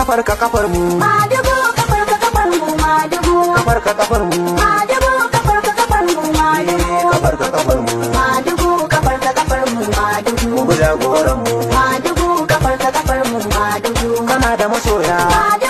kafar ka kafar mu madugo kafar ka kafar mu madugo kafar ka kafar mu madugo kafar ka kafar mu madugo eh, kafar ka kafar mu madugo kafar ka kafar mu madugo mu gora mu madugo kafar ka kafar mu madugo kana da masoya madugo